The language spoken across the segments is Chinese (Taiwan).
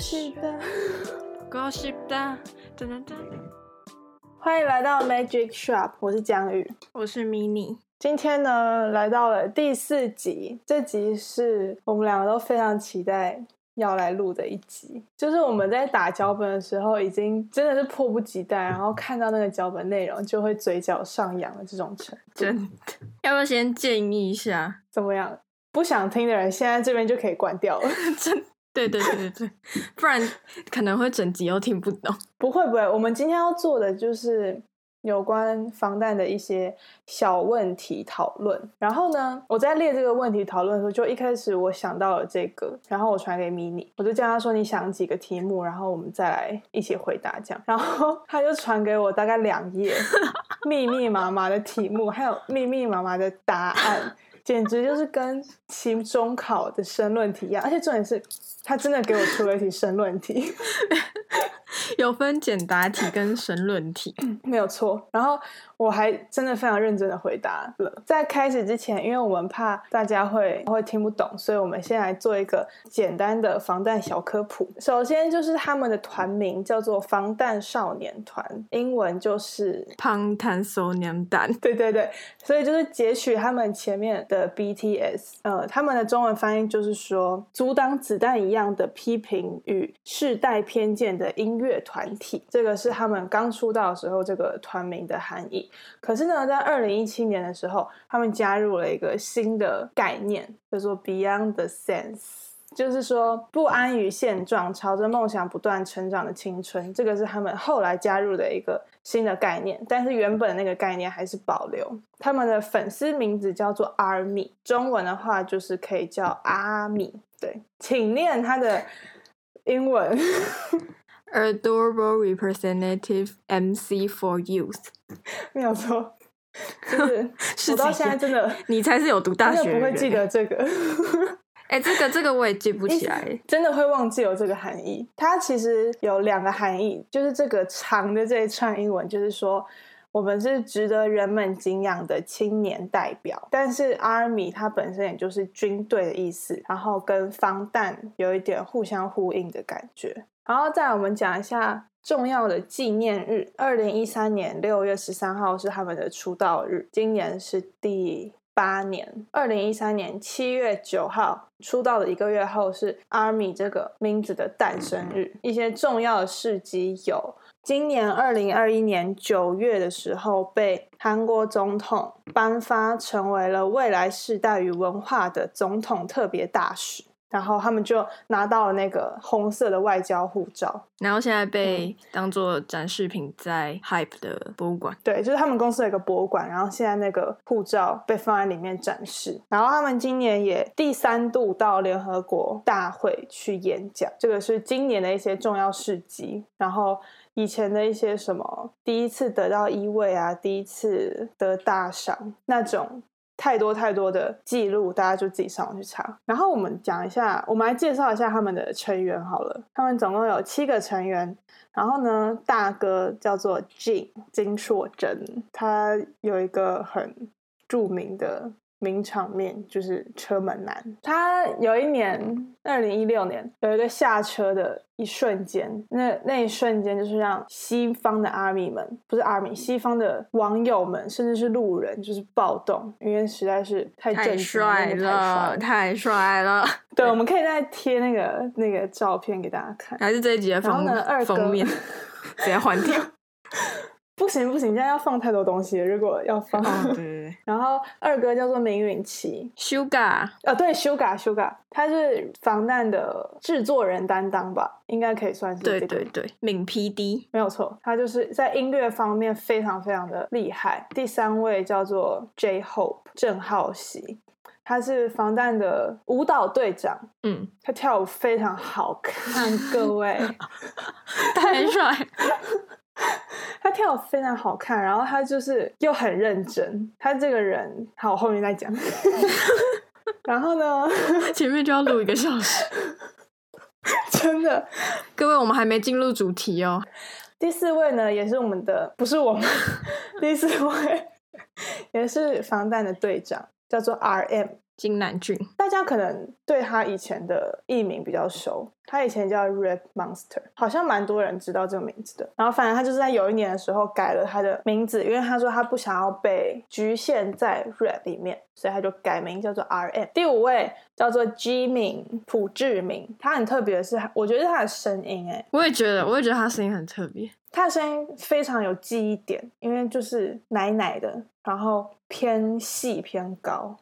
是的，我是的，噔噔噔！歡迎來到 Magic Shop，我是姜予，我是 Mini。今天呢，來到了第四集，這集是我們兩個都非常期待要來錄的一集，就是我們在打腳本的時候，已經真的是迫不及待，然後看到那個腳本內容就會嘴角上揚了這種程度。真的，要不要先建議一下？怎麼樣？不想聽的人，現在這邊就可以關掉了。 真的。對 對對對對，不然可能會整集都聽不懂。不會不會，我們今天要做的就是有關防彈的一些小問題討論。然後呢，我在列這個問題討論的時候，就一開始我想到了這個，然後我傳給 Mini，我就叫他說你想幾個題目，然後我們再來一起回答這樣。然後他就傳給我大概兩頁 密密麻麻的題目，還有密密麻麻的答案，簡直就是跟期中考的申論題一樣，而且重點是。他真的給我出了一題申論題， 有分簡答題跟申論題 、嗯，沒有錯。然後我還真的非常認真的回答了。在開始之前，因為我們怕大家會會聽不懂，所以我們先來做一個簡單的防彈小科普。首先就是他們的團名叫做防彈少年團，英文就是 Bangtan Sonyeondan 對對對，所以就是截取他們前面的 BTS，呃，他們的中文翻譯就是說阻擋子彈一樣。樣的批評與世代偏見的音樂團體，這個是他們剛出道的時候這個團名的含義。可是呢，在二零一七年的時候，他們加入了一個新的概念，叫做 Beyond the Sense，就是說不安於現狀，朝着夢想不斷成長的青春。這個是他們後來加入的一個新的概念，但是原本那個概念還是保留。他們的粉絲名字叫做 Army，中文的話就是可以叫阿米。對，請念他的英文 ，Adorable representative MC for youth，沒有錯，就是， 是天我到現在真的， 你才是有讀大學我真的不會記得這個，哎、 欸，這個這個我也記不起來，真的會忘記有這個含義。它其實有兩個含義，就是這個長的這一串英文，就是說。我們是值得人們敬仰的青年代表，但是 Army 它本身也就是軍隊的意思，然後跟防彈有一點互相呼應的感覺。然後，再來我們講一下重要的紀念日，二零一三年六月十三號是他們的出道日，今年是第八年。二零一三年七月九號出道的一個月後是 Army 這個名字的誕生日。一些重要的事蹟有。今年二零二一年九月的時候，被韓國總統頒發成為了未來世代與文化的總統特別大使，然後他們就拿到了那個紅色的外交護照，然後現在被當做展示品，在 HYBE 的博物館。嗯。對，就是他們公司有一個博物館，然後現在那個護照被放在裡面展示。然後他們今年也第三度到聯合國大會去演講，這個是今年的一些重要事蹟。然後。以前的一些什麼，第一次得到一位啊，第一次得大賞那種，太多太多的記錄，大家就自己上網去查。然後我們講一下，我們來介紹一下他們的成員好了。他們總共有七個成員。然後呢，大哥叫做 Jin 金碩珍，他有一個很著名的名場面就是車門男，他有一年，二零一六年有一個下車的一瞬間，那那一瞬間就是讓西方的阿米們，不是阿米，西方的網友們，甚至是路人就是暴動，因為實在是太帥了，太帥了。太帥了對，我們可以再貼那個那個照片給大家看，還是這一集的封、封面，等下換掉。 不行不行，現在要放太多東西。如果要放，然後二哥叫做明允琪 Suga 啊、哦，對，Suga Suga 他是防彈的製作人擔當吧？應該可以算是對對對，閔 PD 沒有錯，他就是在音樂方面非常非常的厲害。第三位叫做 J Hope 鄭浩熙，他是防彈的舞蹈隊長，嗯，他跳舞非常好看， 各位， 太帥。 他跳非常好看，然後他就是又很認真。他這個人，好，我後面再講。 然後呢，前面就要錄一個小時， 真的，各位，我們還沒進入主題哦。第四位呢，也是我們的，不是我們，第四位也是防彈的隊長，叫做 RM。金南俊，大家可能對他以前的藝名比較熟，他以前叫 Rap Monster，好像蠻多人知道這個名字的。然後，反正他就是在有一年的時候改了他的名字，因為他說他不想要被局限在 Rap 裡面，所以他就改名叫做 RM。第五位叫做 G 名，朴智旻，他很特別的是，我覺得他的聲音，哎，我也覺得，我也覺得他聲音很特別，他的聲音非常有記憶點，因為就是奶奶的，然後偏細偏高。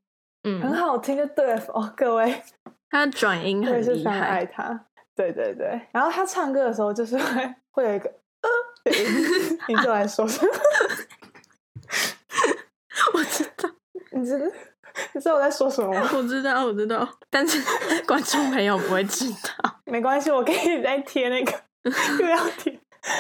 很好聽，就對、嗯、哦。各位，他轉音很厲害，對愛他對對對。然後他唱歌的時候，就是會會有一個、呃，對 你就來說什麼？啊、 我知道，你知道，你知道我在說什麼嗎？我知道，我知道。但是觀眾朋友不會知道，沒關係，我給你再貼那個，要不 要貼？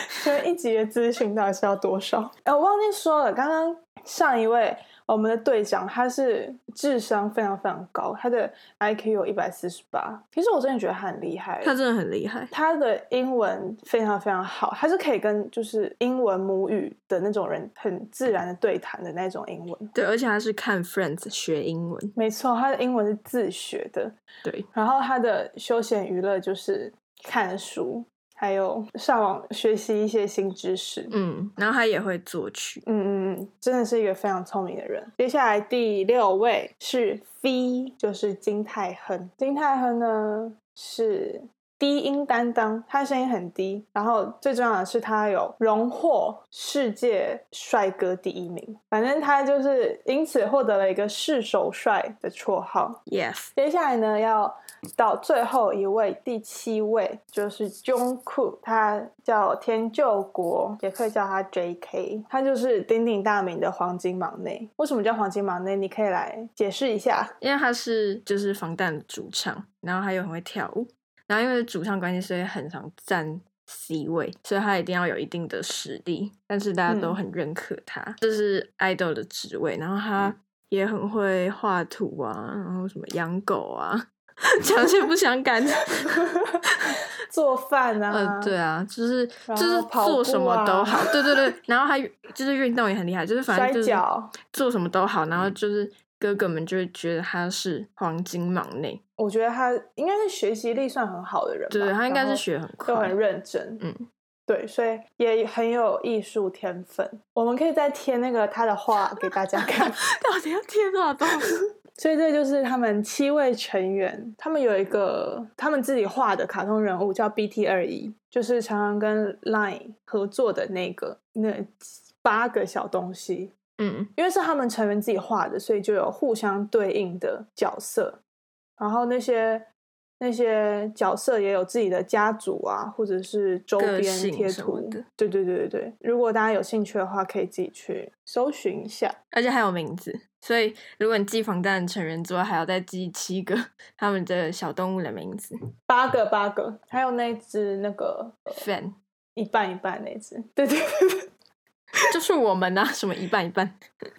所以一集的資訊到底是要多少？哎，我忘記說了，剛剛上一位。我們的隊長他是智商非常非常高，他的 IQ 有一百四十八。其實我真的覺得他很厲害，他真的很厲害。他的英文非常非常好，他是可以跟就是英文母語的那種人很自然的對談的那種英文。對，而且他是看 Friends 學英文，沒錯，他的英文是自學的。對，然後他的休閒娛樂就是看書。還有上網學習一些新知識，嗯，然後他也會作曲，嗯嗯嗯，真的是一個非常聰明的人。接下來第六位是 V，就是金泰亨。金泰亨呢是，低音擔當，他的聲音很低，然後最重要的是他有榮獲世界帥哥第一名，反正他就是因此獲得了一個世首帥的綽號。Yes，接下來呢要到最後一位，第七位就是 Jungkook 他叫田柾國，也可以叫他 J.K.，他就是鼎鼎大名的黃金忙內。為什麼叫黃金忙內？你可以來解釋一下。因為他是就是防彈主唱，然後他又很會跳舞。然後因為主唱關係，所以很常佔 C 位，所以他一定要有一定的實力，但是大家都很認可他，嗯、這是愛豆的職位。然後他也很會畫圖啊，然後什麼養狗啊，嗯、講些不相干的， 做飯啊。嗯、呃，對啊，就是就是做什麼都好，啊、對對對。然後他就是運動也很厲害，就是反正就是做什麼都好，摔角。然後就是。哥哥們就會覺得他是黃金忙內。我覺得他應該是學習力算很好的人吧，對，他應該是學得很快，都很認真。嗯，對，所以也很有藝術天分。我們可以再貼那個他的畫給大家看， 到底要貼多少東西？所以這就是他們七位成員，他們有一個他們自己畫的卡通人物，叫 BT21，就是常常跟 LINE 合作的那個那八個小東西。嗯，因為是他們成員自己畫的，所以就有互相對應的角色，然後那些那些角色也有自己的家族啊，或者是周邊貼圖的。對對對對對，如果大家有興趣的話，可以自己去搜尋一下。而且還有名字，所以如果你記防彈成員之外，還要再記七個他們的小動物的名字，八個八個，還有那只那個 fan 一半一半那只，對對，對。 就是我們吶、啊，什麼一半一半，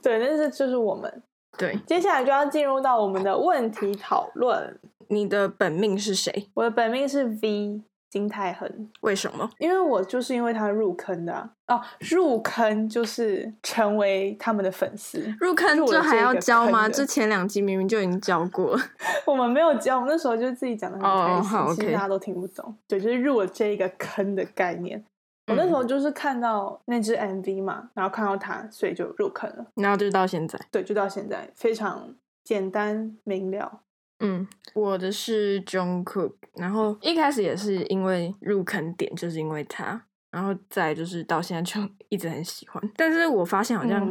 對，那是就是我們。對，接下來就要進入到我們的問題討論。你的本命是誰？我的本命是 V 金泰亨。為什麼？因為我就是因為他入坑的、啊。哦，入坑就是成為他們的粉絲。入坑這還要教嗎？之前兩集明明就已經教過 我們沒有教，我們那時候就自己講的很開心。Oh, 好 okay. 其實大家都聽不懂。對，就是入了這個坑的概念。我、哦、那時候就是看到那只 MV 嘛，然後看到他，所以就入坑了，然後就到現在。對，就到現在，非常簡單明了。嗯，我的是 JungKook，然後一開始也是因為入坑點就是因為他，然後再就是到現在就一直很喜歡。但是我發現好像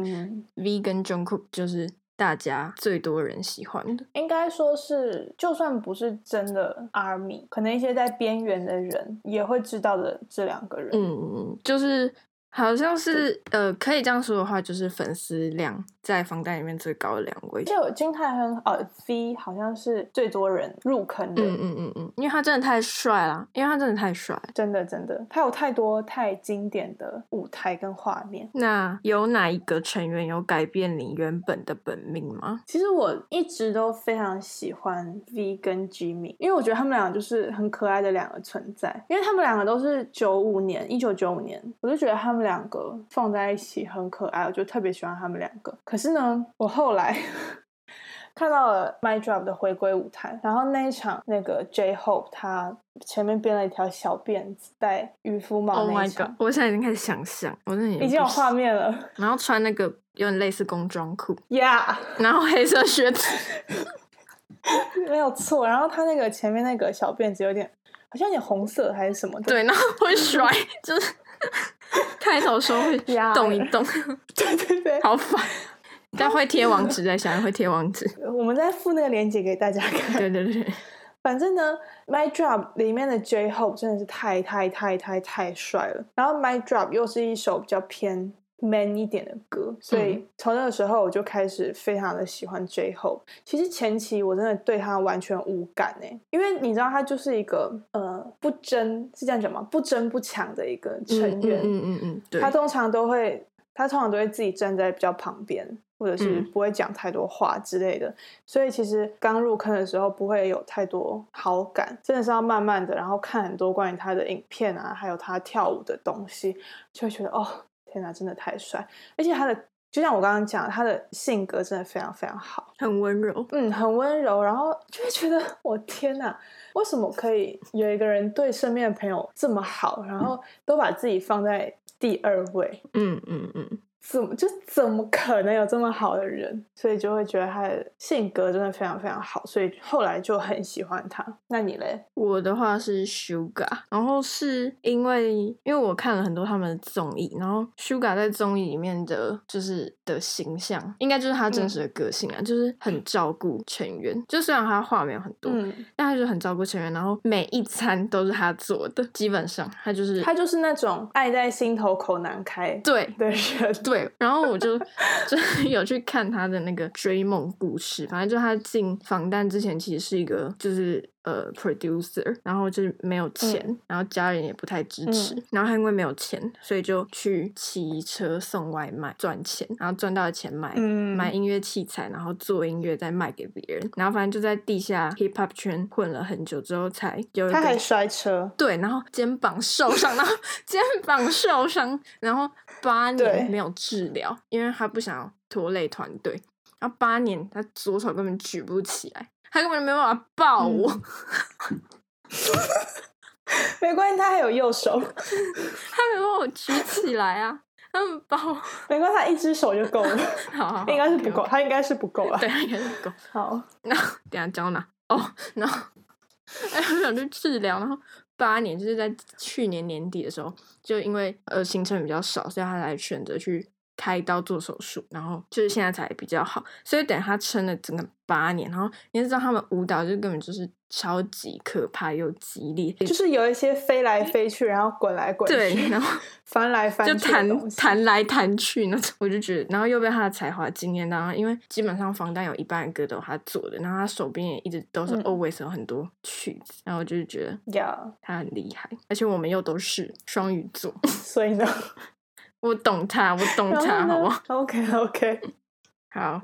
V 跟 JungKook 就是。大家最多人喜歡的，應該說是，就算不是真的 Army，可能一些在邊緣的人也會知道的這兩個人。嗯嗯嗯，就是。好像是對呃，可以這樣說的話，就是粉絲量在防彈裡面最高的兩位。就金泰亨呃 V 好像是最多人入坑的嗯。嗯嗯嗯嗯，因為他真的太帥了，因為他真的太帥，真的真的，他有太多太經典的舞台跟畫面。那有哪一個成員有改變你原本的本命嗎？其實我一直都非常喜歡 V 跟 Jimin，因為我覺得他們兩個就是很可愛的兩個存在，因為他們兩個都是九五年，一九九五年，我就覺得他們兩。兩個放在一起很可愛，我就特別喜歡他們兩個。可是呢，我後來 看到了 Mic Drop 的回歸舞台，然後那一場那個 J Hope 他前面編了一條小辮子，戴漁夫帽，Oh my god！我現在已經開始想象，我那已經有畫面了。然後穿那個有點類似工裝褲，Yeah，然後黑色靴子， 沒有錯。然後他那個前面那個小辮子有點好像有點紅色還是什麼的？對，然後會甩， 就是。 開頭說會動一動， 對對對，好煩煩。但會貼網址在下面，會貼網址，我們再附那個鏈接給大家看。對對對，反正呢，《Mic Drop》裡面的 J-Hope 真的是太太太太太帥了。然後，《Mic Drop》又是一首比較偏。Man 一點的歌，所以從那個時候我就開始非常的喜歡 J-Hope。嗯、其實前期我真的對他完全無感呢，因為你知道他就是一個呃不爭是這樣講嗎？不爭不搶的一個成員，嗯嗯嗯，嗯，對。他通常都會他通常都會自己站在比較旁邊，或者是不會講太多話之類的。嗯、所以其實剛入坑的時候不會有太多好感，真的是要慢慢的，然後看很多關於他的影片啊，還有他跳舞的東西，就會覺得哦。天哪，真的太帥！而且他的，就像我剛剛講，他的性格真的非常非常好，很溫柔，嗯，很溫柔。然後就會覺得，我天哪，為什麼可以有一個人對身邊的朋友這麼好，然後都把自己放在第二位？嗯嗯嗯。嗯嗯怎麼就怎麼可能有這麼好的人？所以就會覺得他的性格真的非常非常好，所以後來就很喜歡他。那你嘞？我的話是 SUGA，然後是因為因為我看了很多他們的綜藝，然後 SUGA 在綜藝裡面的，就是的形象應該就是他真實的個性啊，嗯、就是很照顧成員。就雖然他話沒有很多，嗯、但他就是很照顧成員，然後每一餐都是他做的，基本上他就是他就是那種愛在心頭口難開對的人，對。 然後我就就有去看他的那個追夢故事，反正就他進防彈之前，其實是一個就是。呃，producer，然後就是沒有錢，嗯、然後家人也不太支持，嗯、然後他因為沒有錢，所以就去騎車送外賣賺錢，然後賺到的錢買、嗯、買音樂器材，然後做音樂再賣給別人，然後反正就在地下 hip hop 圈混了很久之後才有。他還摔車，對，然後肩膀受傷， 然後肩膀受傷，然後八年沒有治療，對因為他不想要拖累團隊，然後八年他左手根本舉不起來。他根本沒辦法抱我，嗯、 沒關係，他還有右手， 他沒幫我舉起來啊，他沒抱沒關係，他一隻手就夠了。 好，好，好，應該是不夠，okay okay. 他應該是不夠了。對，應該是不夠。好，那等下講到哪哦，然後，哎，我想去治療。然後，八年就是在去年年底的時候，就因為呃行程比較少，所以他才選擇去。開刀做手術，然後就是現在才比較好，所以等他撐了整個八年。然後你也知道他們舞蹈就根本就是超級可怕又激烈，就是有一些飛來飛去，然後滾來滾去對，然後翻來翻，就彈彈來彈去那種。我就覺得，然後又被他的才華驚豔到，因為基本上防彈有一半歌都他做的，然後他手邊也一直都是 always 有很多曲子，嗯、然後我就是覺得，他很厲害，Yeah. 而且我們又都是雙魚座， 所以呢。我懂他，我懂他，好嗎？OK，OK，Okay, okay. 好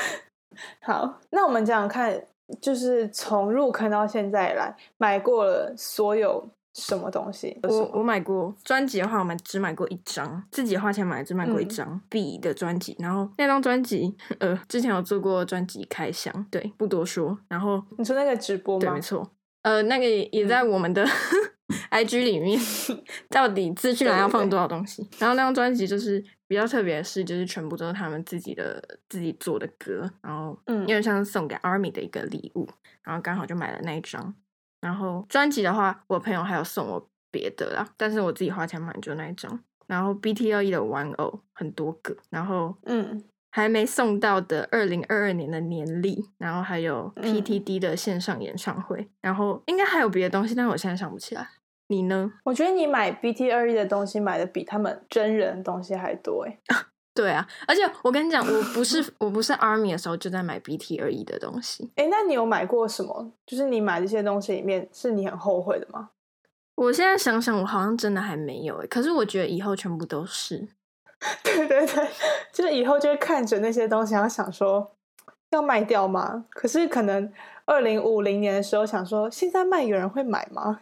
好。那我們講講看，就是從入坑到現在來，買過了所有什麼東西？我我買過專輯的話，我們只買過一張，自己花錢買只買過一張 B、嗯、的專輯。然後那張專輯，呃，之前有做過專輯開箱，對，不多說。然後你說那個直播嗎？對，沒錯，呃，那個也也在我們的、嗯。 I G 裡面到底資訊欄要放多少東西？對對對，然後那張專輯就是比較特別的是，就是全部都是他們自己的自己做的歌。然後，嗯，因為像是送給 ARMY 的一個禮物，然後剛好就買了那一張。然後專輯的話，我朋友還有送我別的啦，但是我自己花錢買就那一張。然後 BT21 的玩偶很多個，然後嗯，還沒送到的二零二二年的年曆，然後還有 P T D 的線上演唱會，嗯、然後應該還有別的東西，但是我現在想不起來。你呢？我覺得你買 B T 二一的東西買的比他們真人的東西還多哎、啊。對啊，而且我跟你講，我不是我不是 Army 的時候就在買 B T 二一的東西。哎、 欸，那你有買過什麼？就是你買這些東西裡面是你很後悔的嗎？我現在想想，我好像真的還沒有，可是我覺得以後全部都是。 對對對，就是以後就會看着那些東西，然後想說要賣掉嗎？可是可能。二零五零年的時候想說，現在賣有人會買嗎？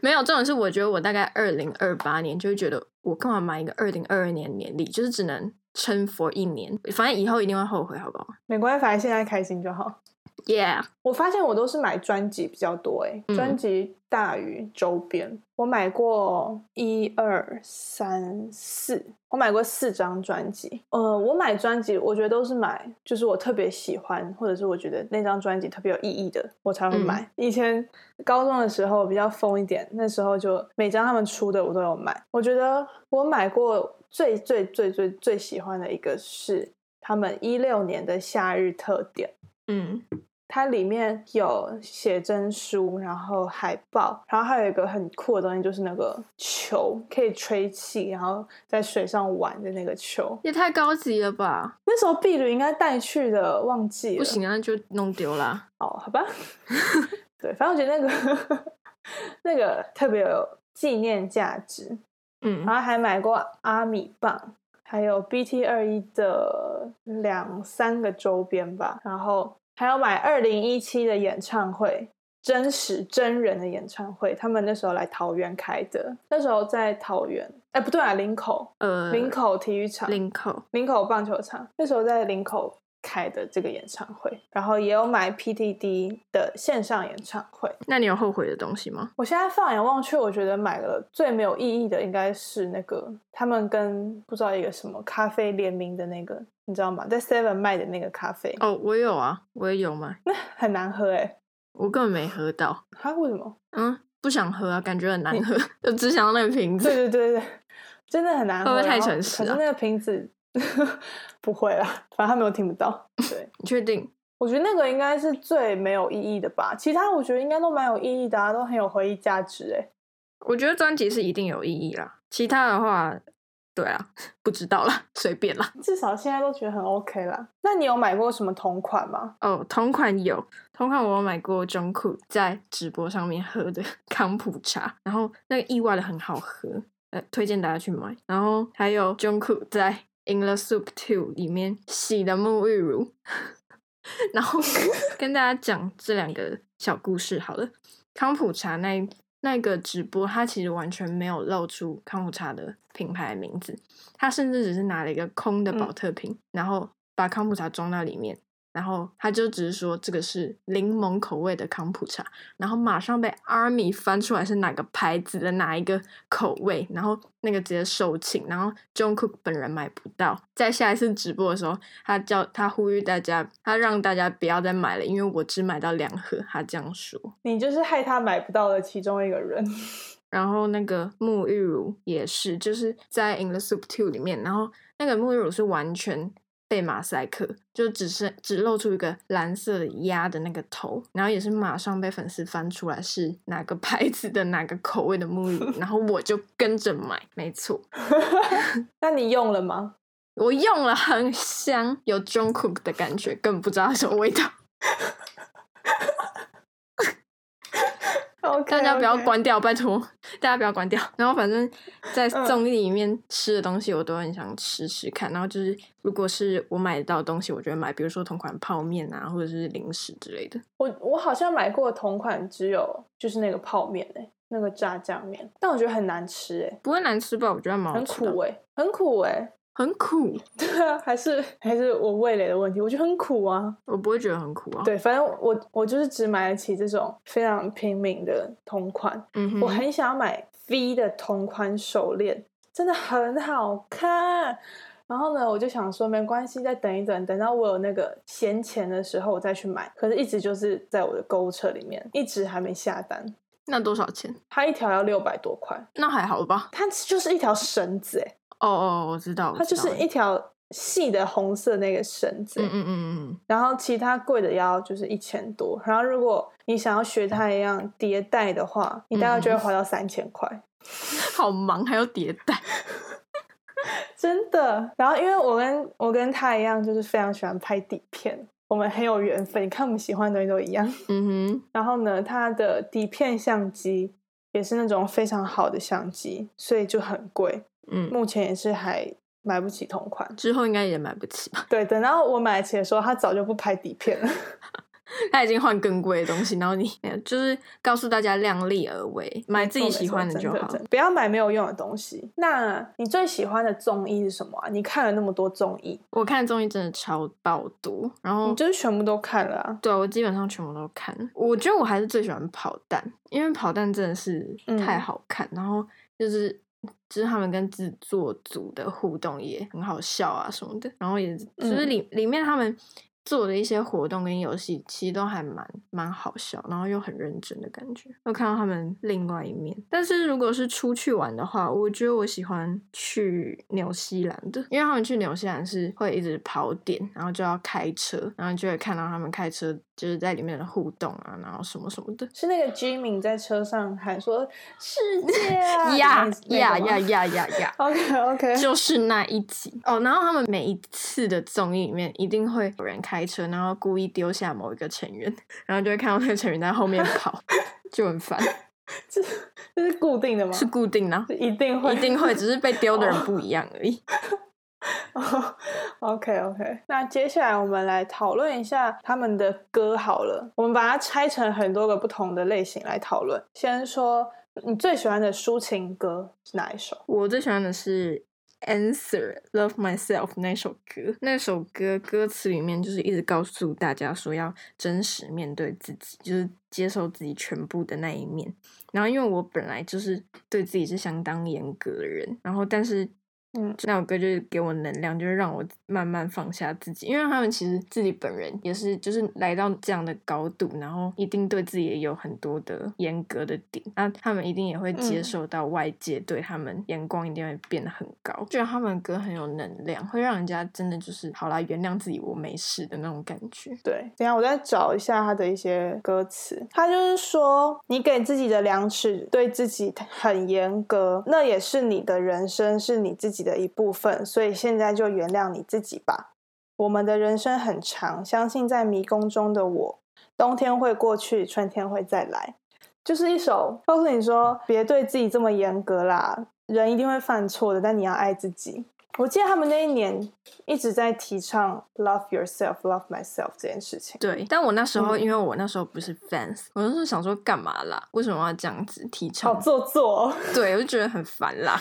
沒有這種事。的是我覺得我大概二零二八年就會覺得，我干嘛買一個二零二二年的年曆，就是只能撐 for 一年，反正以後一定會後悔，好不好？沒關係，反正現在開心就好。Yeah. 我發現我都是買專輯比較多哎，專輯大於周邊。嗯、我買過一二三四，我買過四張專輯。呃，我買專輯，我覺得都是買就是我特別喜歡，或者是我覺得那張專輯特別有意義的，我才會買。嗯、以前高中的時候比較瘋一點，那時候就每張他們出的我都有買。我覺得我買過最最最最最，最喜歡的一個是他們一六年的夏日特點，嗯。它裡面有寫真書，然後海報，然後還有一個很酷的東西，就是那個球，可以吹氣，然後在水上玩的那個球，也太高級了吧！那時候碧驢應該帶去的，忘記了，不行啊，那就弄丟了。哦，好吧， 對，反正我覺得那個 那個特別有紀念價值。嗯，然後還買過阿米棒，還有 BT 二一的兩三個周邊吧，然後。還要買二零一七的演唱會，真實真人的演唱會，他們那時候來桃園開的，那時候在桃園，哎，欸，不對啊，林口，呃，林口體育場，林口，林口棒球場，那時候在林口，開的這個演唱會，然後也有買 PTD 的線上演唱會。那你有後悔的東西嗎？我現在放眼望去，我覺得買了最沒有意義的應該是那個他們跟不知道一個什麼咖啡聯名的那個，你知道嗎？在 Seven 賣的那個咖啡。哦，oh, 我有啊，我也有買，那 很難喝哎、欸，我根本沒喝到。他為什麼？嗯，不想喝啊，感覺很難喝，你 就只想要那個瓶子。對對對，對，對真的很難喝，會不會太誠實、啊、可是那個瓶子。 不會啦，反正他們都聽不到。對，你確定？我覺得那個應該是最沒有意義的吧。其他我覺得應該都蠻有意義的、啊，都很有回憶價值。哎，我覺得專輯是一定有意義啦。其他的話，對啊，不知道啦，隨便啦。至少現在都覺得很 OK 啦。那你有買過什麼同款嗎？哦，同款有，同款我有買過。JungKook 在直播上面喝的康普茶，然後那個意外的很好喝，呃、推薦大家去買。然後還有 JungKook 在。In the soup too，裡面洗的沐浴乳， 然後 跟大家講這兩個小故事好了。康普茶那那個直播，他其實完全沒有露出康普茶的品牌的名字，他甚至只是拿了一個空的保特瓶，嗯、然後把康普茶裝到裡面。然後他就只是說這個是檸檬口味的康普茶，然後馬上被 ARMY 翻出來是哪個牌子的哪一個口味，然後那個直接售罄，然後 JungKook 本人買不到，在下一次直播的時候，他叫他呼籲大家，他讓大家不要再買了，因為我只買到兩盒，他這樣說。你就是害他買不到的其中一個人。 然後那個沐浴乳也是，就是在 In the Soup Two 裡面，然後那個沐浴乳是完全。被馬賽克，就只是只露出一個藍色的鴨的那個頭，然後也是馬上被粉絲翻出來是哪個牌子的哪個口味的沐浴 然後我就跟着買，沒錯。 那你用了嗎？我用了，很香，有 Jungkook 的感覺，根本不知道它什麼味道。 Okay, 大家不要關掉，okay 拜託！大家不要關掉。然後反正，在綜藝裡面吃的東西，我都很想吃吃看。然後就是，如果是我買得到的東西，我就會買，比如說同款泡麵啊，或者是零食之類的。我我好像買過同款，只有就是那個泡麵哎、欸，那個炸醬麵，但我覺得很難吃、欸、不會難吃吧？我覺得蠻很苦、欸、很苦哎、欸。很苦，對啊，還是還是我味蕾的問題，我覺得很苦啊，我不會覺得很苦啊，對，反正我我就是只買得起這種非常平民的同款，嗯哼，我很想要買 V 的同款手鏈，真的很好看，然後呢，我就想說沒關係，再等一等，等到我有那個閒錢的時候，我再去買，可是，一直就是在我的購物車裡面，一直還沒下單，那多少錢？它一條要六百多塊。那還好吧？它就是一條繩子、欸，哎。哦哦，oh, oh, 我知道，它就是一條細的紅色那個繩子。嗯嗯嗯，然後其他貴的要就是一千多，然後如果你想要學他一樣疊戴的話，你大概就會花到三千塊。好忙還要疊戴， 真的。然後因為我跟我跟他一樣，就是非常喜歡拍底片，我們很有緣分。你看我們喜歡的東西都一樣。嗯哼。然後呢，他的底片相機也是那種非常好的相機，所以就很貴。嗯，目前也是還買不起同款，之後應該也買不起吧？對，等到我買得起的時候，他早就不拍底片了， 他已經換更貴的東西。然後你 就是告訴大家量力而為，買自己喜歡的就好，沒錯沒錯，真的真的真的，不要買沒有用的東西。那你最喜歡的綜藝是什麼啊？你看了那麼多綜藝，我看綜藝真的超爆多。然後你就是全部都看了啊？對，我基本上全部都看。我覺得我還是最喜歡跑彈，因為跑彈真的是太好看，嗯、然後就是。就是他們跟製作組的互動也很好笑啊，什麼的，嗯、然後也就是，是裡裡面他們，做的一些活動跟遊戲其實都還蠻蠻好笑，然後又很認真的感覺，又看到他們另外一面。但是如果是出去玩的話，我覺得我喜歡去紐西蘭的，因為他們去紐西蘭是會一直跑點，然後就要開車，然後就會看到他們開車就是在裡面的互動啊，然後什麼什麼的。是那個 Jimin 在車上喊說：“世界呀呀呀呀呀呀！”OK OK，就是那一集哦。Oh, 然後他們每一次的綜藝裡面一定會有人開。開車，然後故意丟下某一個成員，然後就會看到那個成員在後面跑， 就很煩。這這是固定的嗎？是固定的啊，一定會，一定會，只是被丟的人不一樣而已。Oh. Oh. OK OK，那接下來我們來討論一下他們的歌好了，我們把它拆成很多個不同的類型來討論。先說你最喜歡的抒情歌是哪一首？我最喜歡的是。Answer Love Myself 那首歌，那首歌歌詞裡面就是一直告訴大家說要真實面對自己，就是接受自己全部的那一面。然後因為我本來就是對自己是相當嚴格的人，然後但是。嗯，那首歌就是給我能量，就是讓我慢慢放下自己。因為他們其實自己本人也是，就是來到這樣的高度，然後一定對自己也有很多的嚴格的點。那他們一定也會接受到外界對他們眼光，一定會變得很高。就像、嗯、他們的歌很有能量，會讓人家真的就是好啦，原諒自己，我沒事的那種感覺。對，等一下我再找一下他的一些歌詞。他就是說，你給自己的量尺對自己很嚴格，那也是你的人生，是你自己的，的一部分，所以現在就原諒你自己吧。我們的人生很長，相信在迷宮中的我，冬天會過去，春天會再來。就是一首告訴你說，別對自己這麼嚴格啦。人一定會犯錯的，但你要愛自己。我記得他們那一年一直在提倡 “love yourself, love myself” 這件事情。對，但我那時候 Okay. 因為我那時候不是 fans，我那時候想說幹嘛啦？為什麼要這樣子提倡？好做作哦。對，我就覺得很煩啦。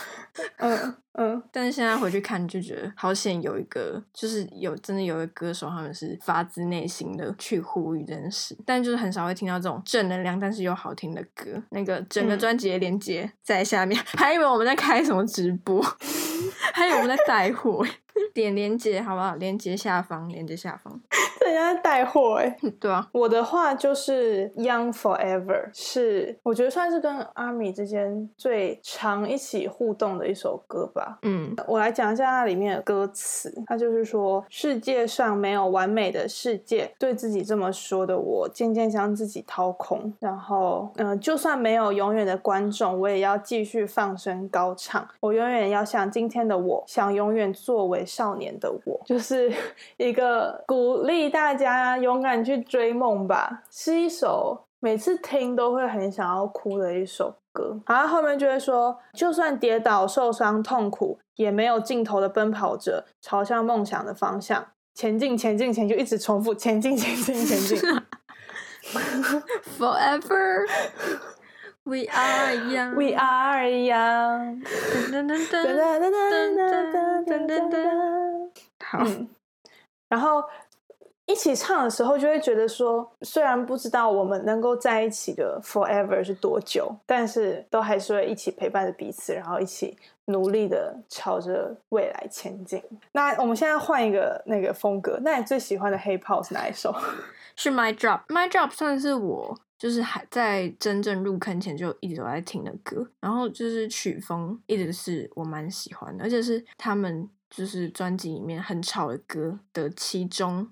嗯。 okay. 嗯，但是現在回去看，就覺得好險有一個，就是有真的有一個歌手，他們是發自內心的去呼籲真實，但就是很少會聽到這種正能量，但是又好聽的歌。那個整個專輯的連接在下面，嗯、還以為我們在開什麼直播， 還以為我們在帶貨。 點連接好不好？連接下方，連接下方。人 家帶貨哎。 對啊，我的話就是 Young Forever，是我覺得算是跟阿米之間最常一起互動的一首歌吧。嗯，我來講一下它裡面的歌詞。它就是說世界上沒有完美的世界，對自己這麼說的我，漸漸將自己掏空。然後，嗯、呃，就算沒有永遠的觀眾，我也要繼續放聲高唱。我永遠要像今天的我，想永遠作為。少年的我，就是一個鼓勵大家勇敢去追夢吧，是一首每次聽都會很想要哭的一首歌。然後後面就會說，就算跌倒、受傷、痛苦，也沒有盡頭的奔跑者，朝向夢想的方向前進、前進、前進，就一直重複前進、前進、前進，Forever。We are young, we are young. 嗯，然後一起唱的時候，就會覺得說，雖然不知道我們能夠在一起的 forever 是多久，但是都還是會一起陪伴着彼此，然後一起努力的朝着未來前進。那我們現在換一個那個風格，那你最喜歡的 hip hop 是哪一首？是 Mic Drop, Mic Drop 算是我。就是還在真正入坑前就一直都在聽的歌，然後就是曲風一直是我蠻喜歡的，而且是他們就是專輯裡面很吵的歌的其中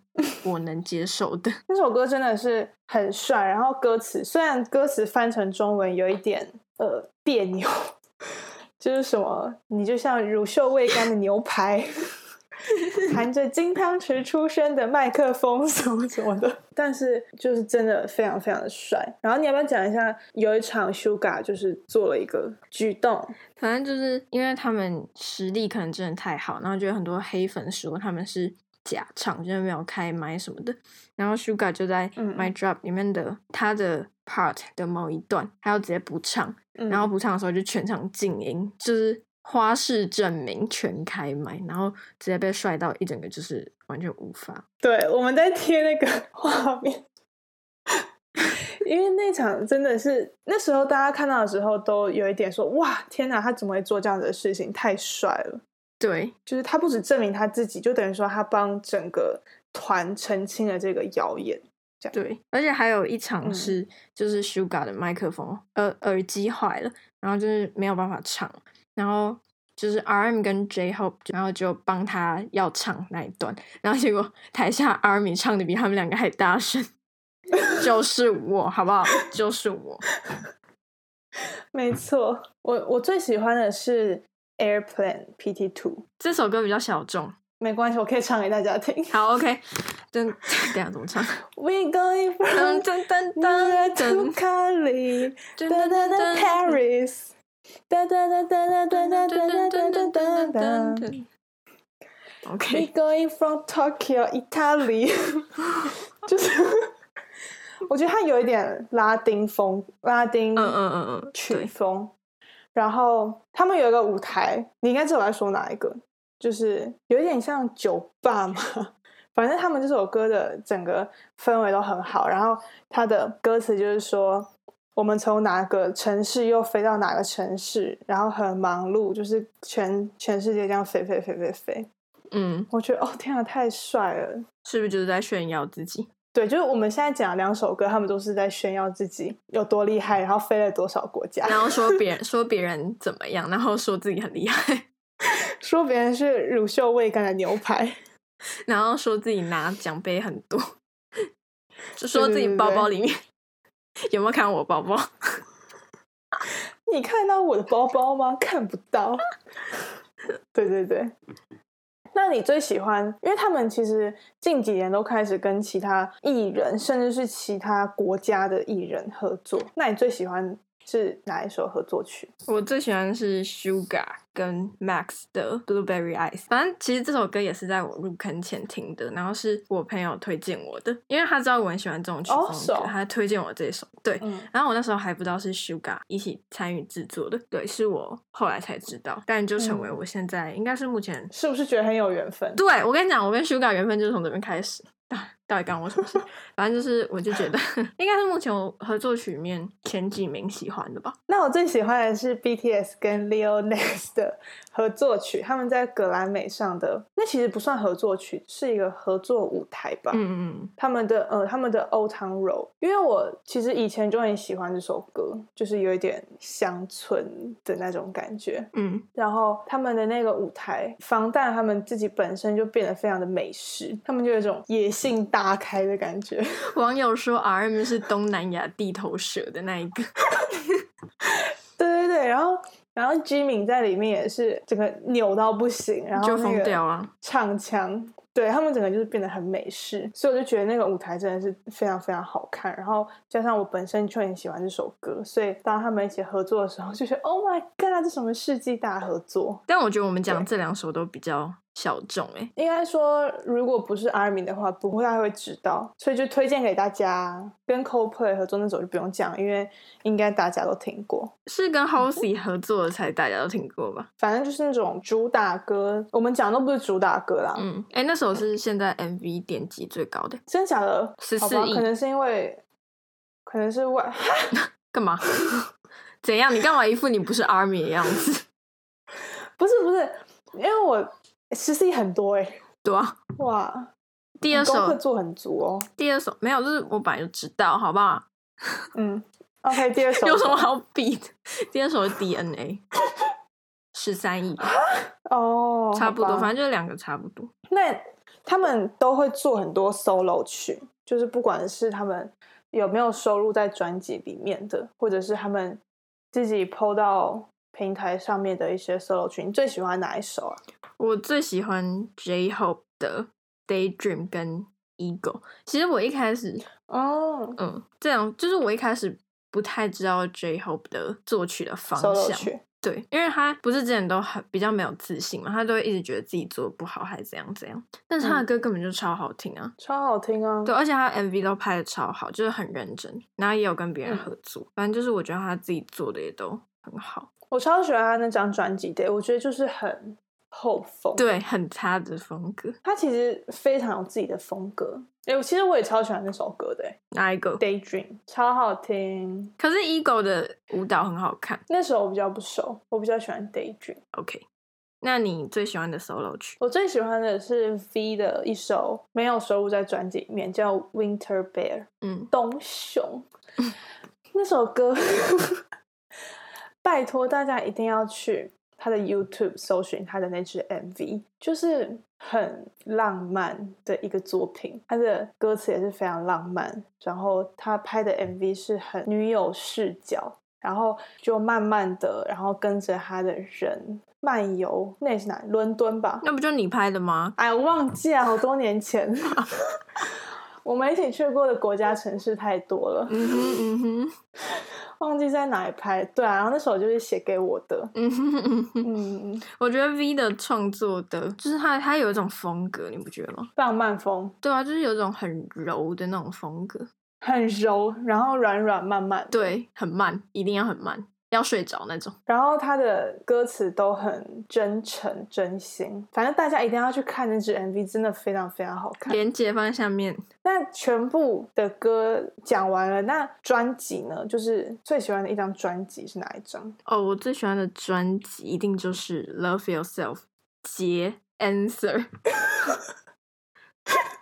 我能接受的 那首歌真的是很帥，然後歌詞雖然歌詞翻成中文有一點呃彆扭，就是什麼你就像乳臭未乾的牛排。 含着 金湯匙出生的麥克風什麼什麼的，但是就是真的非常非常的帥。然後你要不要講一下有一場 SUGA 就是做了一個舉動，反正就是因為他們實力可能真的太好，然後就有很多黑粉說他們是假唱，真的沒有開麥什麼的。然後 SUGA 就在 Mic Drop 裡面的他的 part 的某一段，他要直接不唱，然後不唱的時候就全場靜音，就是。花式證明全開麥，然後直接被帥到一整個就是完全無法。對，我們在貼那個畫面， 因為那場真的是那時候大家看到的時候都有一點說：“哇，天哪，他怎麼會做這樣子的事情？太帥了！”對，就是他不只證明他自己，就等於說他幫整個團澄清了這個謠言。這樣子。對，而且還有一場是、嗯、就是 SUGA 的麥克風、呃、耳耳機壞了，然後就是沒有辦法唱。然後就是 RM 跟 J Hope，然後就幫他要唱那一段，然後結果台下 RM 唱的比他們兩個還大聲，就是我，好不好？就是我，沒錯我，沒錯。我我最喜歡的是 Airplane Pt. Air Two、well, Air 這首歌比較小眾，沒關係，我可以唱給大家聽。 好，OK，等等下怎麼唱？We going from London to Cali，to Paris。Dun, dun. 噠噠噠噠噠噠噠噠噠噠噠。OK。We going from Tokyo, Italy。 就是， 我覺得他有一點拉丁風，拉丁嗯嗯嗯嗯曲風。Uh, uh, uh, uh, 然後他們有一個舞台，你應該知道我在說哪一個，就是有一點像酒吧嘛。反正他們這首歌的整個氛圍都很好，然後他的歌詞就是說。我們從哪個城市，又飛到哪個城市，然後很忙碌，就是全全世界這樣飛飛飛飛飛，飛。嗯，我覺得哦，天啊，太帥了！是不是就是在炫耀自己？對，就是我們現在講的兩首歌，他們都是在炫耀自己有多厲害，然後飛了多少國家，然後說別人 說別人怎麼樣，然後說自己很厲害， 說別人是乳臭未乾的牛排，然後說自己拿獎杯很多， 就說自己包包裡面。嗯。有沒有看我包包？ 你看到我的包包嗎？看不到。 對對對，那你最喜歡？因為他們其實近幾年都開始跟其他藝人，甚至是其他國家的藝人合作。那你最喜歡？是哪一首合作曲？我最喜歡的是 SUGA 跟 Max 的 Blueberry Eyes。反正其實這首歌也是在我入坑前聽的，然後是我朋友推薦我的，因為他知道我很喜歡這種曲風，oh，他推薦我這首。嗯、對，然後我那時候還不知道是 SUGA 一起參與制作的，對，是我後來才知道，但就成為我現在、嗯、應該是目前。是不是覺得很有緣分？對，我跟你講，我跟 SUGA 緣分就是從這邊開始。 到底干我什麼事？ 反正就是，我就覺得 應該是目前我合作曲裡面前幾名喜歡的吧。那我最喜歡的是 BTS 跟 Lil Nas X 的。合作曲，他們在格萊美上的，那其實不算合作曲，是一個合作舞台吧。嗯嗯他、呃，他們的呃他們的《Old Town Road》因為我其實以前就很喜歡這首歌，就是有一點鄉村的那種感覺。嗯，然後他們的那個舞台，防彈他們自己本身就變得非常的美式，他們就有一種野性大開的感覺。網友說 R M 是東南亞地頭蛇的那一個。 對對對，然後。然後 Jimin 在裡面也是整個扭到不行，然後就瘋掉啊，唱腔，對，他們整個就是變得很美式，所以我就覺得那個舞台真的是非常非常好看。然後加上我本身就很喜歡這首歌，所以當他們一起合作的時候就覺得，就是 Oh my God，這什麼世紀大合作？但我覺得我們講這兩首都比較。小眾哎、欸，應該說，如果不是 ARMY 的話，不會太會知道。所以就推薦給大家，跟 Coldplay 合作那首就不用講，因為應該大家都聽過。是跟 Halsey 合作的才大家都聽過吧？嗯、反正就是那種主打歌，我們講的都不是主打歌啦。嗯，哎、欸，那首是現在 MV 點擊最高的，真的假的？十四億，可能是因為，可能是我幹 幹嘛？ 怎樣？你幹嘛一副你不是 ARMY 的樣子？ 不是不是，因為我。十四億很多哎、欸，對啊，哇！第二首功課做很足哦。第二首沒有，就是我本來就知道，好不好？嗯，OK。第二首有什麼好比的？第二首是 DNA，十三億 哦，差不多。吧反正就是兩個差不多。那他們都會做很多 solo 曲，就是不管是他們有沒有收錄在專輯裡面的，或者是他們自己拋到。平台上面的一些 solo 曲，你最喜歡哪一首啊？我最喜歡 J Hope 的《Daydream》跟《Ego》。其實我一開始哦，oh. 嗯，這樣，就是我一開始不太知道 J Hope 的作曲的方向。Solo 曲。對，因為他不是之前都很比較沒有自信嘛，他都會一直覺得自己做的不好，還怎樣怎樣。但是他的歌根本就超好聽啊，嗯、超好聽啊！對，而且他 MV 都拍的超好，就是很認真。然後也有跟別人合作，嗯、反正就是我覺得他自己做的也都。很好，我超喜歡他那張專輯的。欸，我覺得就是很後風，對，很差的風格。他其實非常有自己的風格，哎、欸，其實我也超喜歡那首歌的。欸，哪一個 I go.？Daydream，超好聽。可是 Ego 的舞蹈很好看，那時候我比較不熟，我比較喜歡 Daydream。OK，那你最喜歡的 solo 曲？我最喜歡的是 V 的一首沒有收錄在專輯裡面，叫 Winter Bear，嗯，冬熊雄。 那首歌。 拜託大家一定要去他的 YouTube 搜尋他的那支 MV，就是很浪漫的一個作品。他的歌詞也是非常浪漫，然後他拍的 MV 是很女友視角，然後就慢慢的，然後跟着他的人漫遊，那也是哪？倫敦吧？那不就你拍的嗎？哎，我忘記啊，好多年前了。 我們一起去過的國家城市太多了。嗯嗯哼。嗯哼忘記在哪裡拍，對啊，然後那時候就是寫給我的。嗯哼嗯哼嗯，我覺得 V 的創作的，就是他他有一種風格，你不覺得嗎？浪漫風。對啊，就是有一種很柔的那種風格，很柔，然後軟軟慢慢，對，很慢，一定要很慢。要睡着那種，然後他的歌詞都很真誠、真心，反正大家一定要去看那支 MV，真的非常非常好看。鏈接放在下面。那全部的歌講完了，那專輯呢？就是最喜歡的一張專輯是哪一張？哦，我最喜歡的專輯一定就是《Love Yourself》。結，Answer。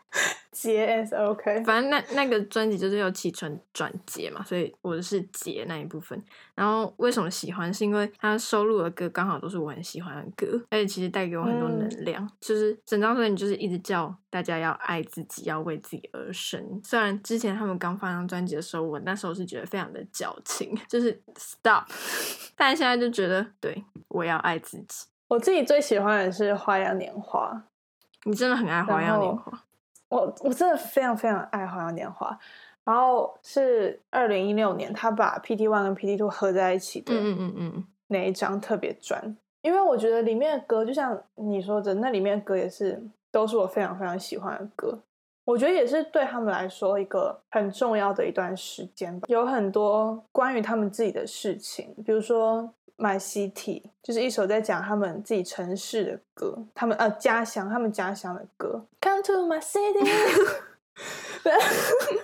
結，is OK。反正那那個專輯就是要起承轉結嘛，所以我是接那一部分。然後為什麼喜歡，是因為他收錄的歌剛好都是我很喜歡的歌，而且其實帶給我很多能量。嗯、就是整張專輯就是一直叫大家要愛自己，要為自己而生。雖然之前他們剛放上專輯的時候，我那時候是覺得非常的矯情，就是 Stop， 但現在就覺得對，我要愛自己。我自己最喜歡的是《花樣年華》，你真的很愛《花樣年華》。我我真的非常非常愛花樣年華，然後是二零一六年他把 P T One 跟 P T Two 合在一起的一，嗯嗯嗯，哪一張特別專？因為我覺得裡面的歌就像你說的，那裡面的歌也是都是我非常非常喜歡的歌。我覺得也是對他們來說一個很重要的一段時間吧，有很多關於他們自己的事情，比如說。My city, 就是一首在講他們自己城市的歌，他們呃家鄉，他們家鄉的歌。Come to my city。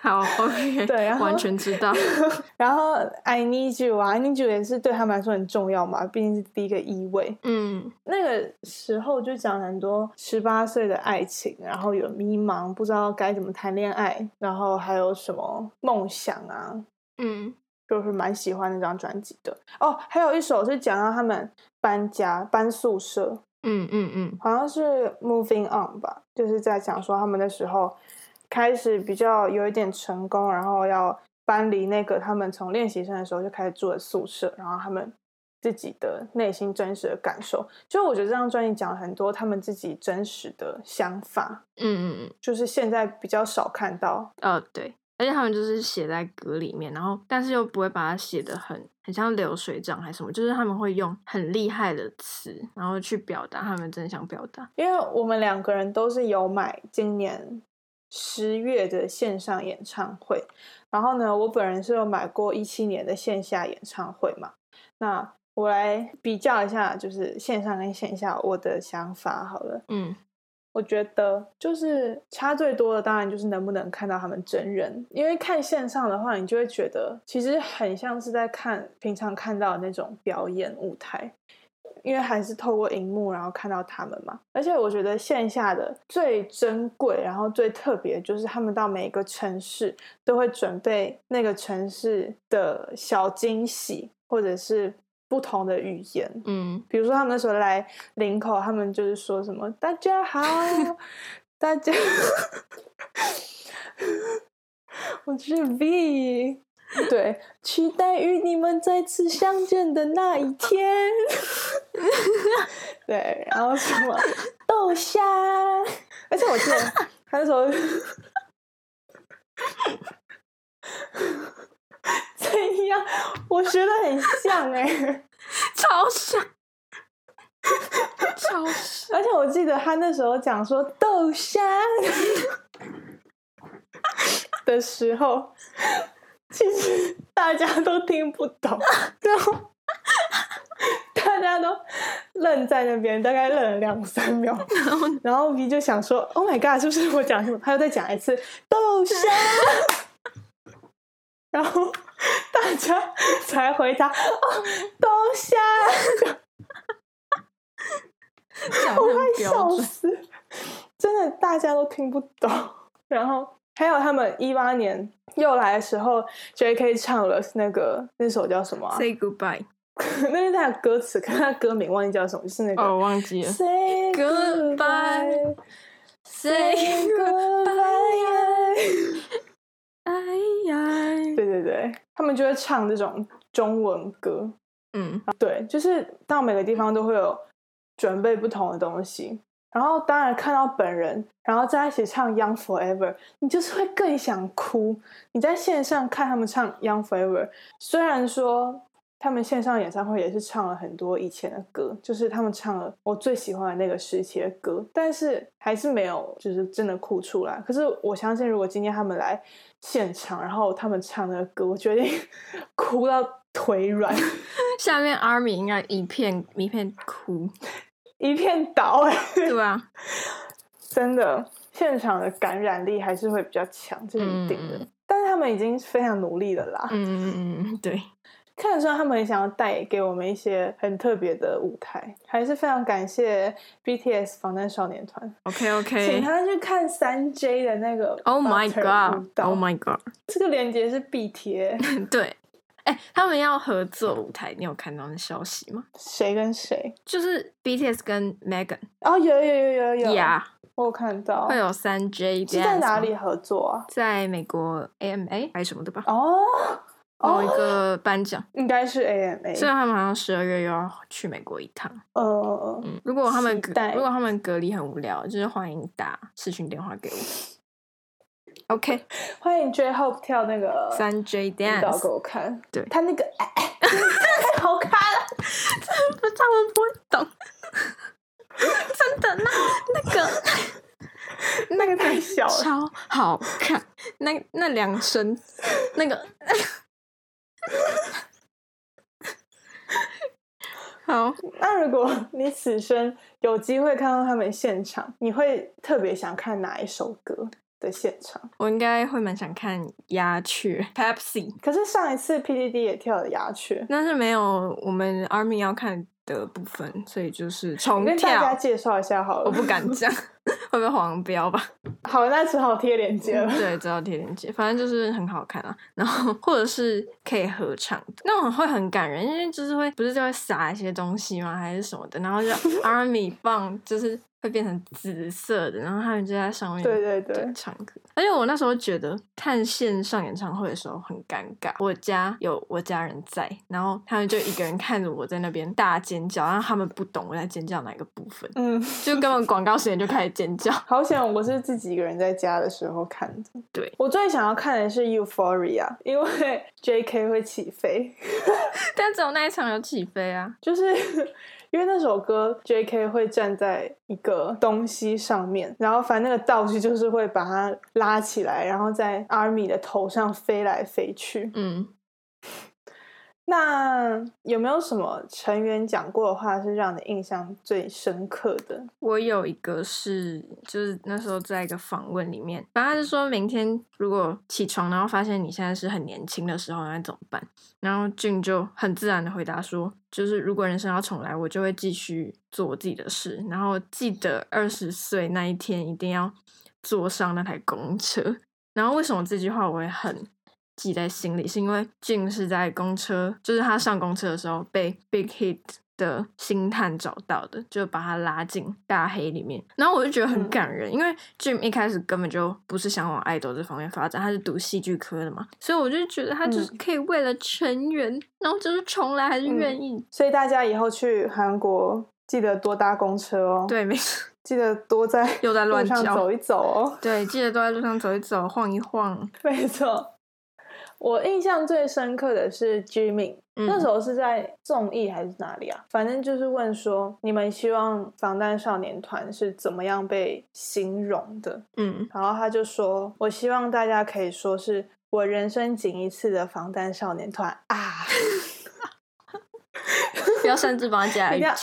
好，okay, 對，然後完全知道。 然後 I need you 啊，I need you 也是對他們來說很重要嘛，畢竟是第一個一位。嗯，那個時候就講很多十八歲的愛情，然後有迷茫，不知道該怎麼談戀愛，然後還有什麼夢想啊。嗯。就是蠻喜歡那張專輯的哦，oh, 還有一首是講到他們搬家搬宿舍，嗯嗯嗯，嗯嗯好像是 Moving On 吧，就是在講說他們的時候開始比較有一點成功，然後要搬離那個他們從練習生的時候就開始住的宿舍，然後他們自己的內心真實的感受。所以我覺得這張專輯講了很多他們自己真實的想法，嗯嗯嗯，就是現在比較少看到，哦，對。而且他們就是寫在歌裡面，然後但是又不會把它寫得很很像流水賬還是什麼，就是他們會用很厲害的詞，然後去表達他們真想表達。因為我們兩個人都是有買今年十月的線上演唱會，然後呢，我本人是有買過一七年的線下演唱會嘛，那我來比較一下，就是線上跟線下我的想法好了，嗯。我覺得就是差最多的，當然就是能不能看到他們真人。因為看線上的話，你就會覺得其實很像是在看平常看到的那種表演舞台，因為還是透過熒幕然後看到他們嘛。而且我覺得線下的最珍貴，然後最特別，就是他們到每個城市都會準備那個城市的小驚喜，或者是不同的語言，嗯，比如說他們那時候來林口，他們就是說什麼“大家好，大家”，我是 V，對，期待與你們再次相見的那一天，對，然後什麼鬥蝦，而且我記得他就說。 怎樣？我學的很像哎，欸，超像爽，超像，而且我記得他那時候講說豆沙的時候， 其實大家都聽不懂，然後，大家都愣在那邊，大概愣了兩三秒， 然後然後 V 就想說：“Oh my god，是不是我講什麼？他又再講一次 豆沙？” 然後大家才回答哦，冬夏， 我笑死，真的大家都聽不懂。 然後還有他們一八年又來的時候，JK 唱了那個那首叫什麼啊？Say goodbye。 那是他的歌詞，他歌名忘記叫什麼，就是那個我、oh, 忘記了。Say goodbye，Say goodbye。哎呀，對對對，他們就會唱這種中文歌。嗯、啊，對，就是到每個地方都會有準備不同的東西。然後當然看到本人，然後在一起唱《Young Forever》，你就是會更想哭。你在線上看他們唱《Young Forever》，雖然說他們線上演唱會也是唱了很多以前的歌，就是他們唱了我最喜歡的那個時期的歌，但是還是沒有就是真的哭出來。可是我相信，如果今天他們來。現場，然後他們唱的歌，我決定哭到腿軟。 下面 ARMY 應該一片一片哭，一片倒，對吧？真的，現場的感染力還是會比較強，這是一定的。嗯、但是他們已經非常努力了啦。嗯嗯嗯，對。看得出他們很想要帶給我們一些很特別的舞台，還是非常感謝 B T S 防彈少年團。OK OK，請他去看三 J 的那個。Oh my god! Oh my god! 這個鏈接是必貼。 對，哎、欸，他們要合作舞台，你有看到那消息嗎？誰跟誰？就是 B T S 跟 Megan。哦，有有有有有。呀，Yeah. 我有看到。會有三 J 是在哪裡合作啊？在美國 A M A 還是什麼的吧？哦。Oh! 搞、oh, 一個頒獎，應該是 AMA。雖然他們好像十二月又要去美國一趟。Uh, 嗯，如果他們隔，待如果他們隔離很無聊，就是歡迎打視訊電話給我。OK，歡迎 J Hope 跳那個三 J dance 給我看。對，他那個太好看了， 他們不會懂， 真的那那個 太那個太小了，超好看。那那兩聲那個。 好，那如果你此生有機會看到他們現場，你會特別想看哪一首歌的現場？我應該會蠻想看《鴉雀》Pepsi。可是上一次 PTD 也跳了《鴉雀》，那是沒有我們 Army 要看的部分，所以就是重跳。跟大家介紹一下好了， 我不敢講。會不會黃標吧？好，那只好貼鏈接了。對，只好貼鏈接，反正就是很好看啊。然後或者是可以合唱的，那種會很感人，因為就是會不是就會撒一些東西嗎？還是什麼的？然後就 ARMY 棒， 就是。會變成紫色的，然後他們就在上面對對對唱歌。而且我那時候覺得看線上演唱會的時候很尷尬，我家有我家人在，然後他們就一個人看着我在那邊大尖叫，然後他們不懂我在尖叫哪個部分，嗯，就根本廣告時間就開始尖叫。好像我是自己一個人在家的時候看的。對，我最想要看的是 Euphoria，因為 JK 會起飛， 但只有那一場有起飛啊，就是。因為那首歌，JK 會站在一個東西上面，然後反正那個道具就是會把它拉起來，然後在阿米的頭上飛來飛去。嗯。那有沒有什麼成員講過的話是讓你印象最深刻的？我有一個是，就是那時候在一個訪問裡面，本來是說明天如果起床，然後發現你現在是很年輕的時候，應該怎麼辦？然後 Jin 就很自然的回答說，就是如果人生要重來，我就會繼續做我自己的事，然後記得二十歲那一天一定要坐上那台公車。然後為什麼這句話我會很記在心裡，是因為 Jin 是在公車，就是他上公車的時候被 Big Hit 的星探找到的，就把他拉進大黑裡面。然後我就覺得很感人，嗯、因為 Jin 一開始根本就不是想往愛豆這方面發展，他是讀戲劇科的嘛，所以我就覺得他就是可以為了成員，嗯、然後就是重來還是願意、嗯。所以大家以後去韓國，記得多搭公車哦。對，沒錯，記得多在又在路上走一走哦。對，記得多在路上走一走，晃一晃。沒錯。我印象最深刻的是 Jimin，那時候是在綜藝還是哪裡啊？嗯、反正就是問說，你們希望防彈少年團是怎麼樣被形容的？嗯，然後他就說，我希望大家可以說是我人生僅一次的防彈少年團啊！ 不要擅自綁架，一定要，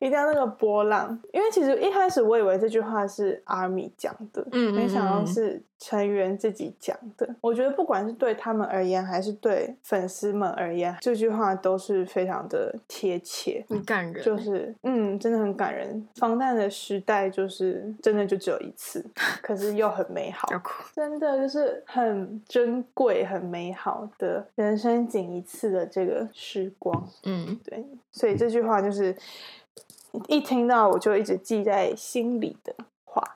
一定要那個波浪，因為其實一開始我以為這句話是阿米講的，嗯，嗯，嗯，沒想到是。成員自己講的，我覺得不管是對他們而言，還是對粉絲們而言，這句話都是非常的貼切、很感人。就是，嗯，真的很感人。防彈的時代就是真的就只有一次，可是又很美好， 真的就是很珍貴、很美好的人生僅一次的這個時光。嗯，對。所以這句話就是一聽到我就一直記在心裡的。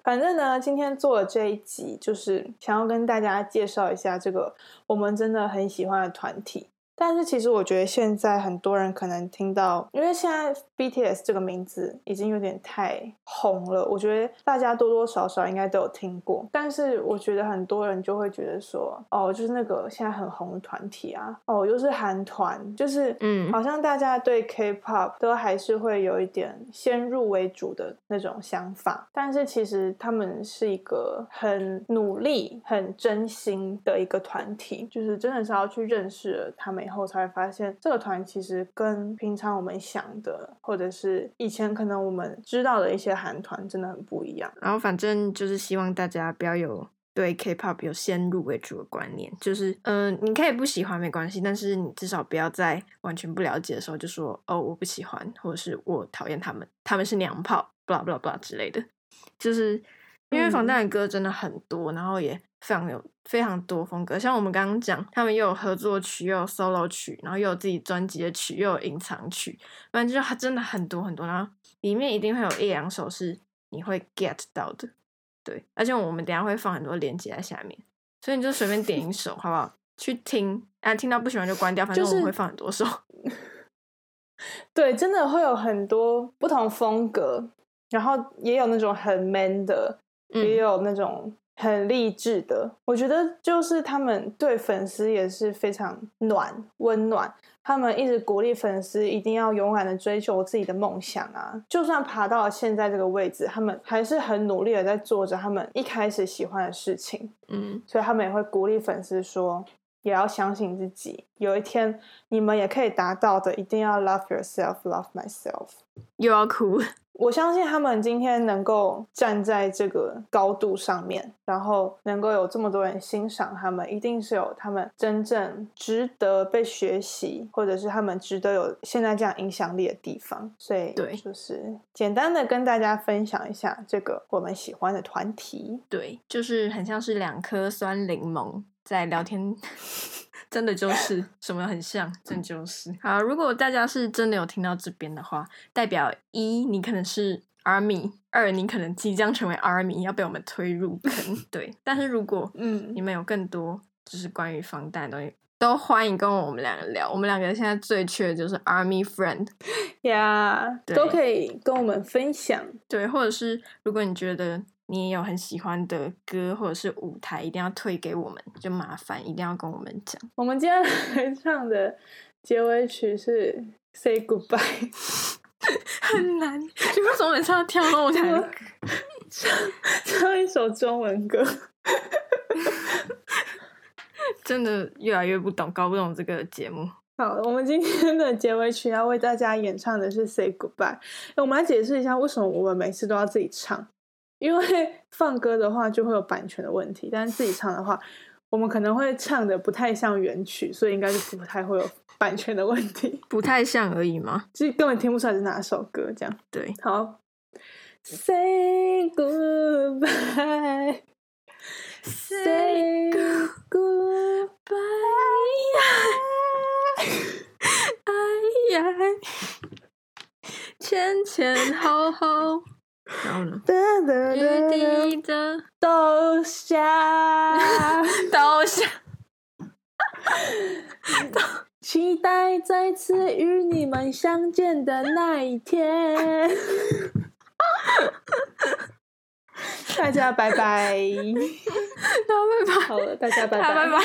反正呢，今天做了這一集，就是想要跟大家介紹一下這個我們真的很喜歡的團體。但是其實我覺得現在很多人可能聽到，因為現在 BTS 這個名字已經有點太紅了，我覺得大家多多少少應該都有聽過。但是我覺得很多人就會覺得說，哦，就是那個現在很紅的團體啊，哦，又是韓團，就是嗯，好像大家對 K-pop 都還是會有一點先入為主的那種想法。但是其實他們是一個很努力、很真心的一個團體，就是真的是要去認識了他們。然後才發現，這個團其實跟平常我們想的，或者是以前可能我們知道的一些韓團真的很不一樣。然後反正就是希望大家不要有對 K-pop 有先入為主的觀念，就是嗯、呃，你可以不喜歡沒關係，但是你至少不要在完全不了解的時候就說，哦，我不喜歡，或者是我討厭他們，他們是娘炮，不啦不啦不啦之類的。就是因為防彈的歌真的很多，嗯、然後也。非常有非常多風格，像我們剛剛講，他們又有合作曲，又有 solo 曲，然後又有自己專輯的曲，又有隱藏曲，反正就真的很多很多。然後裡面一定會有一兩首是你會 get 到的，對。而且我們等下會放很多鏈接在下面，所以你就隨便點一首， 好不好？去聽，啊，聽到不喜歡就關掉，反正我們會放很多首，就是。對，真的會有很多不同風格，然後也有那種很 man 的，也有那種。嗯很勵志的，我覺得就是他們對粉絲也是非常暖溫暖，他們一直鼓勵粉絲一定要勇敢的追求自己的夢想啊！就算爬到了現在這個位置，他們還是很努力的在做着他們一開始喜歡的事情，嗯、mm，hmm. 所以他們也會鼓勵粉絲說，也要相信自己，有一天你們也可以達到的，一定要 love yourself, love myself。又要哭。我相信他們今天能夠站在這個高度上面，然後能夠有這麼多人欣賞他們，一定是有他們真正值得被學習，或者是他們值得有現在這樣影響力的地方。所以，對，就是簡單的跟大家分享一下這個我們喜歡的團體。對，就是很像是兩顆酸檸檬在聊天。 真的就是什麼很像，真就是。好，如果大家是真的有聽到這邊的話，代表一，你可能是 Army，二，你可能即將成為 Army，要被我們推入坑 對。但是如果嗯，你們有更多就是關於防彈的東西，嗯、都歡迎跟我們兩個聊。我們兩個現在最缺的就是 Army friend，呀 Yeah, 對，都可以跟我們分享對，或者是如果你覺得。你也有很喜歡的歌或者是舞台，一定要推給我們，就麻煩一定要跟我們講。我們今天來唱的結尾曲是《Say Goodbye》， 很難。 你為什麼每次要跳呢？我唱唱一首中文歌， 真的越來越不懂，搞不懂這個節目。好，我們今天的結尾曲要為大家演唱的是《Say Goodbye》。我們來解釋一下為什麼我們每次都要自己唱。因為放歌的話就會有版權的問題，但是自己唱的話，我們可能會唱的不太像原曲，所以應該就不太會有版權的問題。不太像而已嗎？就根本聽不出來是哪首歌這樣。對，好，Say goodbye，Say goodbye，哎呀，哎呀前前後後。然後呢？都下，都下，期待再次與你們相見的那一天，啊。大家拜拜，拜拜，拜拜，拜拜。好了，大家拜拜，拜拜。